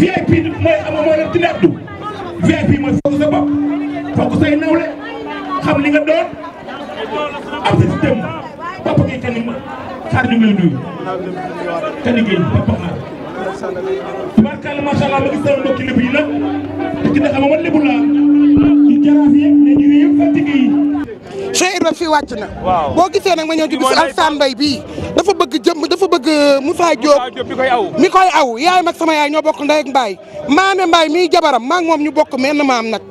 VIP mooy ama moo leen tuddee Abdou VIP mooy foog sa bopp say nawle xam li nga doon am sa système papa ma xaar ñu ngi lay nuyu. kan ngeen papa xaar tubaarkàlla macha allah ma gis sama mbokki lébu yi nag te man lébu laa. jaraaf yeeg ne ñu yëpp wàcc na. waaw boo gisee nag ma ñoo ci bisu Alassane Mbaye bii. dafa bëgg jëm dafa bëgg euh, Moussa Diop mi koy aw. mi koy aw yaay mag sama yaay ñoo bokk ndey ak mbaay maame mbaay mii jabaram maa moom ñu bokk menn maam nag.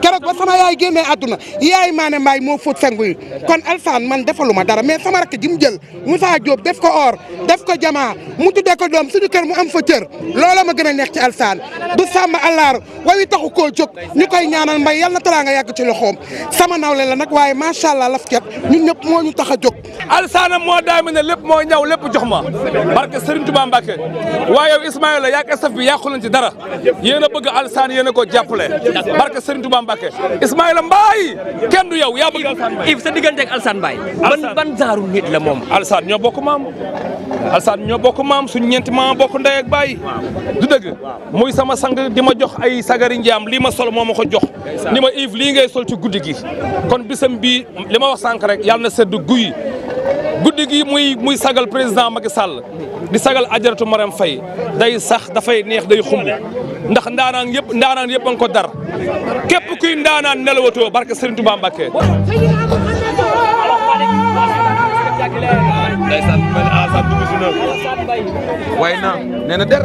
keroog ba sama yaay génnee adduna yaay maane mbaay moo fóot sangu yi kon alsaan man defaluma dara mais sama rakk ji mu jël Moussa Diop def ko or def ko jamaa mu tuddee ko doom suñu kër mu am fa cër loola ma gën a neex ci alsaan du sàmba allaaru wayu taxu koo jóg ñu koy ñaanal mbay yal na teraanga yàgg ci loxoom sama nawle la nag waaye macha allah laf ket ñun ñëpp moo ñu tax a jóg alsaana moo daami ne lépp moo ñaw lépp jox ma barke Serigne Touba Mbacke waaye yow Ismaïla yaag staf bi yàqu leen ci dara yéen a bëgg alsaan yéen a ko jàppale barke Serigne Touba Mbacke Ismaïla Mbaye kenn du yow yaa bëgg Alsane sa diggante ak Alsane Mbaye ban ban zaaru la moom Alsane ñoo bokk maam Alsane ñoo bokk maam suñ ñeenti maam bokk ndey baay du dëgg muy sama sang di ma jox ay sagari njaam lii ma sol moo ma ko jox ni ma Yves lii ngay sol ci guddi gi kon bisam bii li ma wax sànq rek yàlla na sedd guy guddi gi muy muy sagal président Macky Sall di sagal ajaratu Marème Faye day sax dafay neex day xumb ndax ndaanaan yëpp ndaanaan yëpp a nga ko dar képp kuy ndaanaan nelawatoo barke Serigne Touba Mbacké ndeysaan mel der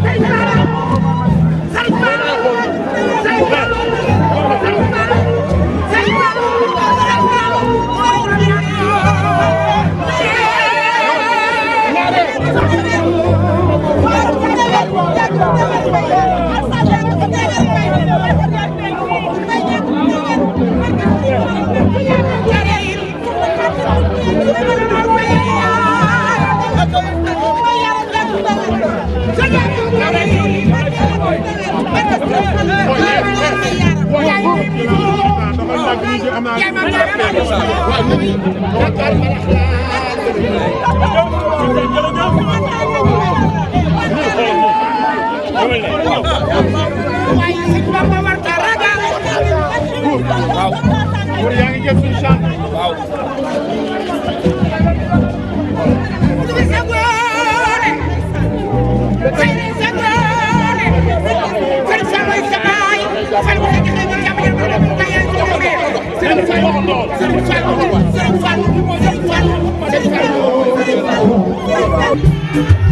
Thank you. Thank you.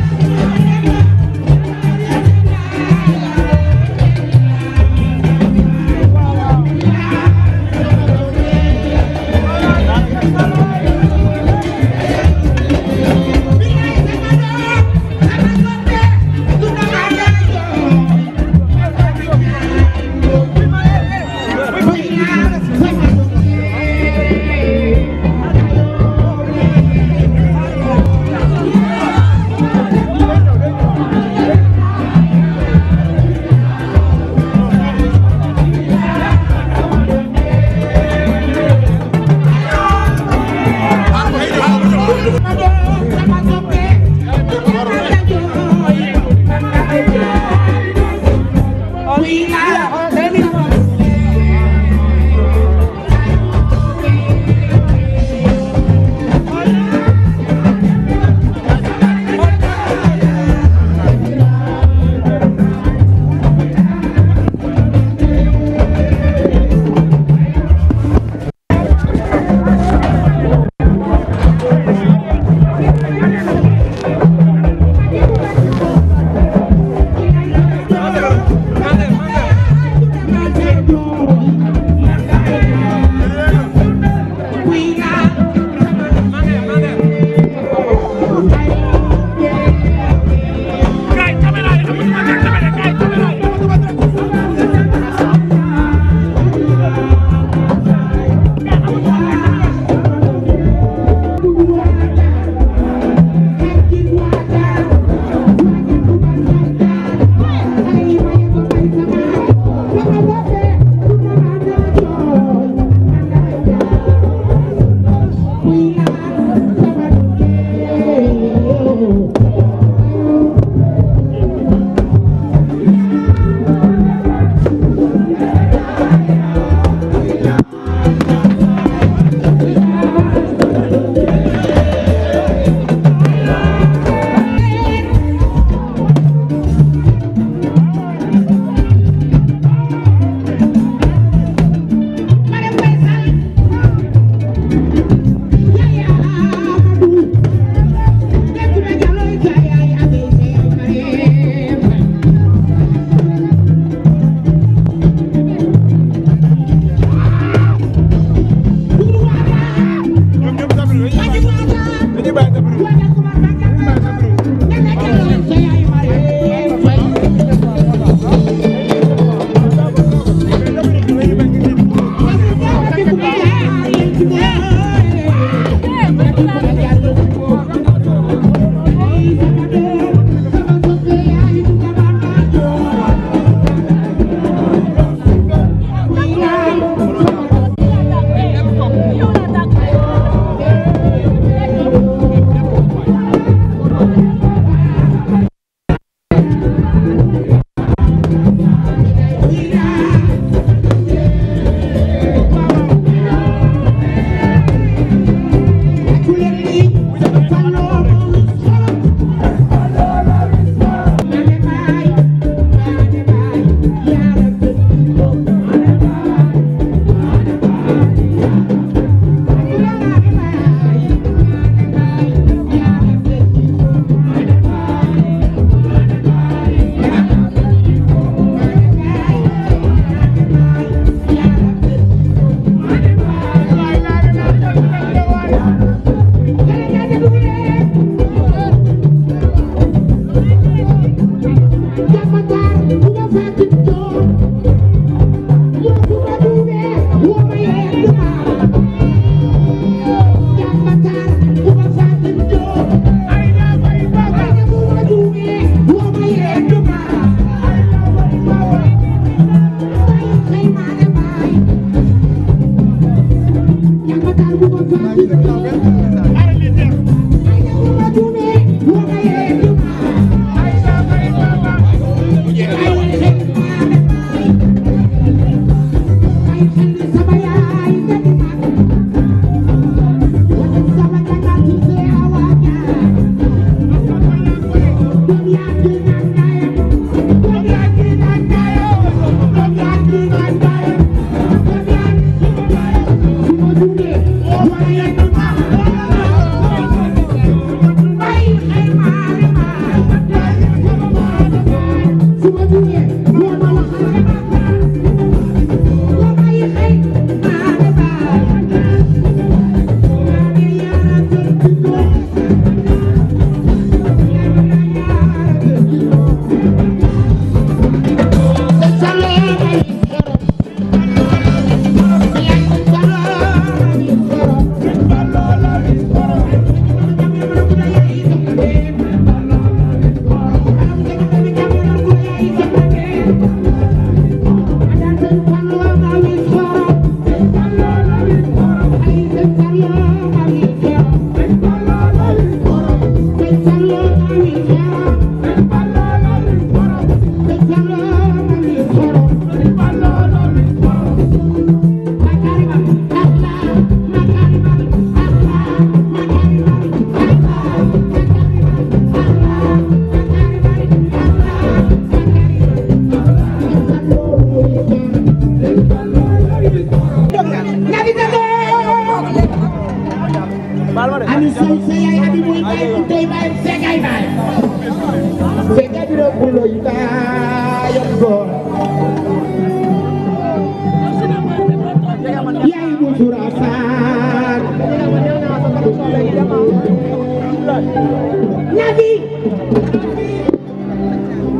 Nafi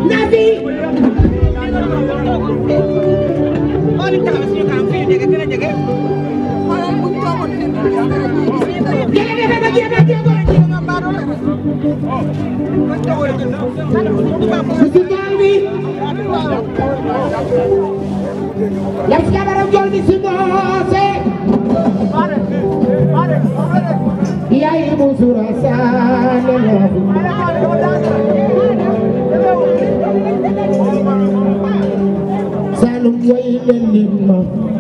Nafi moo di taxaw suñu kanam fi ñu jege gën a jege xoolal bu ñu toogoon di leen di leen way leen leen ma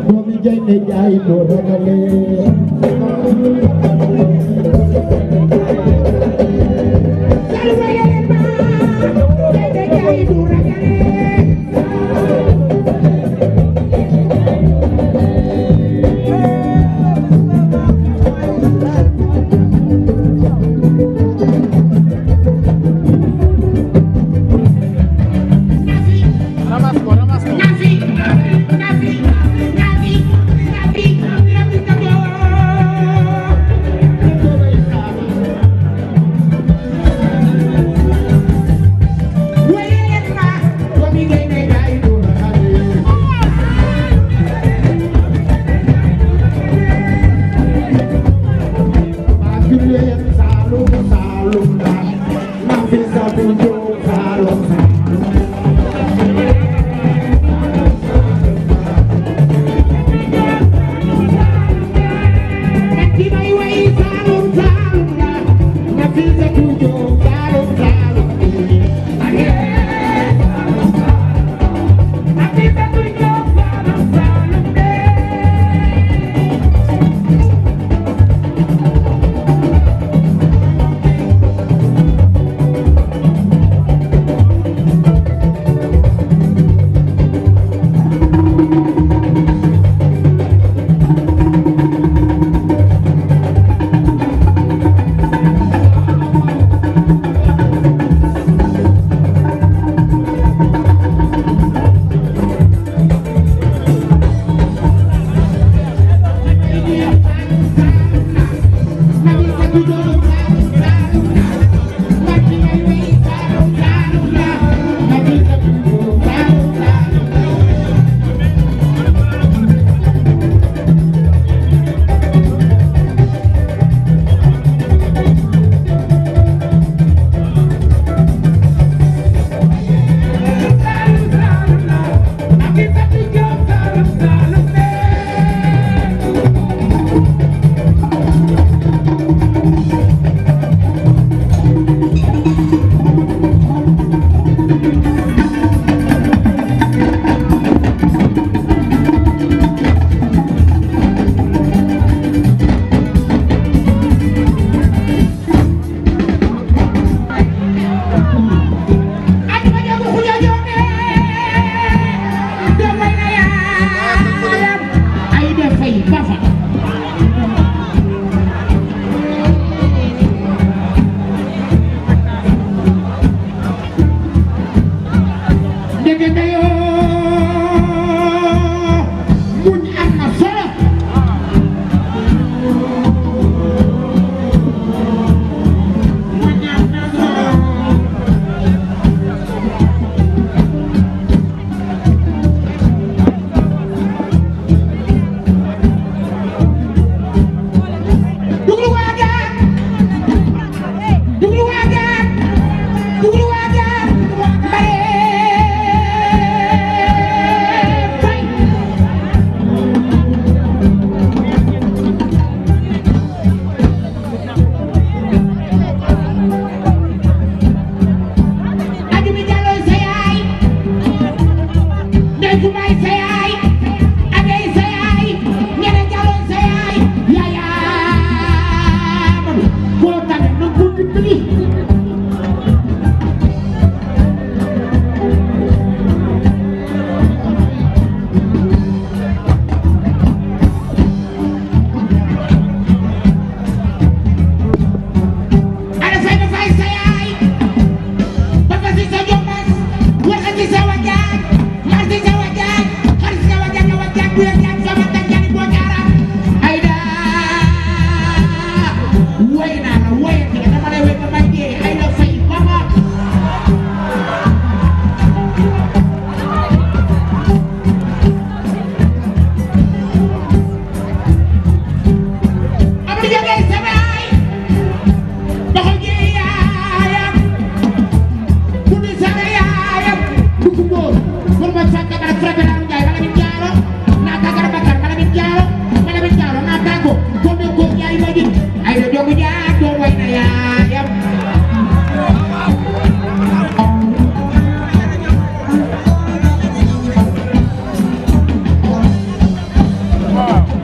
doomi gaynde jaay doo ragale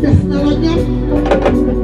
Des na la ñam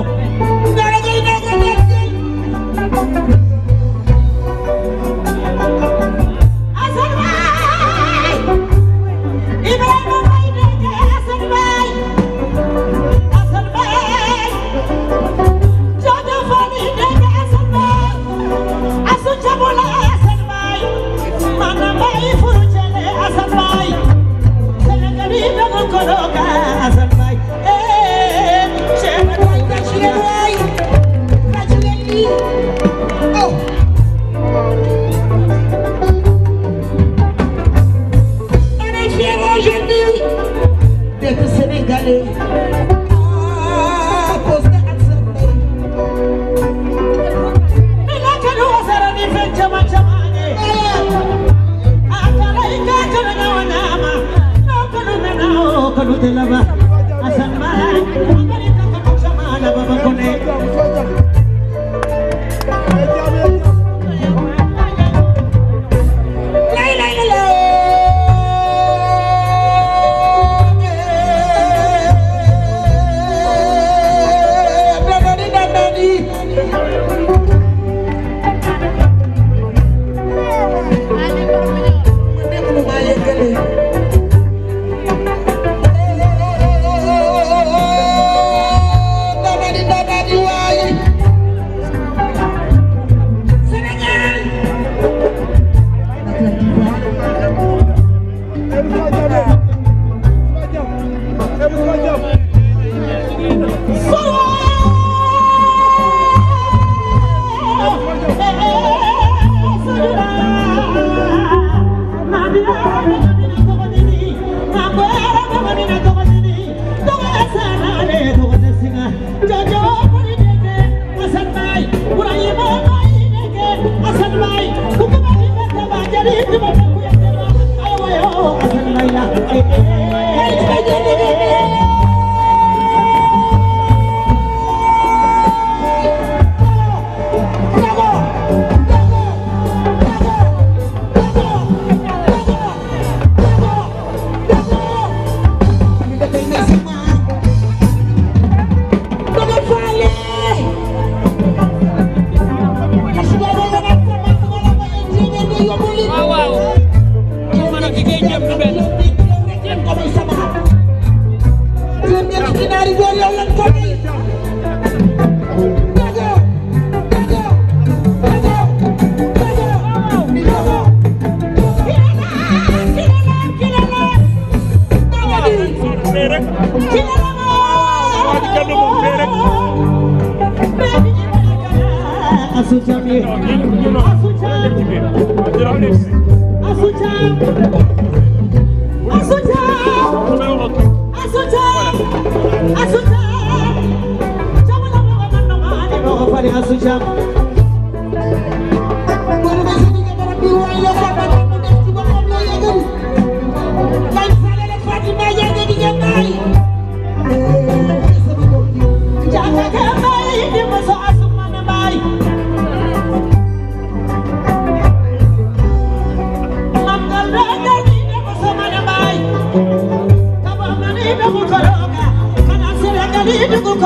México. de là-bas.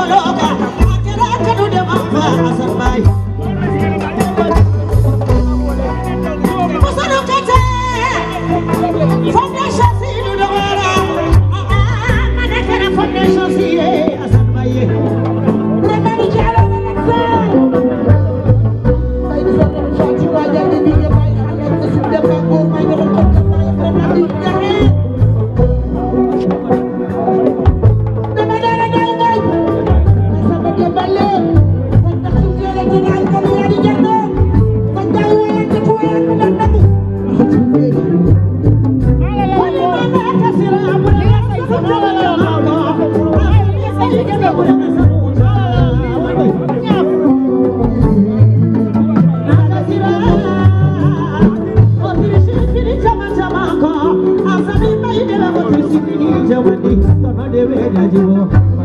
loka, akira kanu da mamba asan bai. dëkk dama demee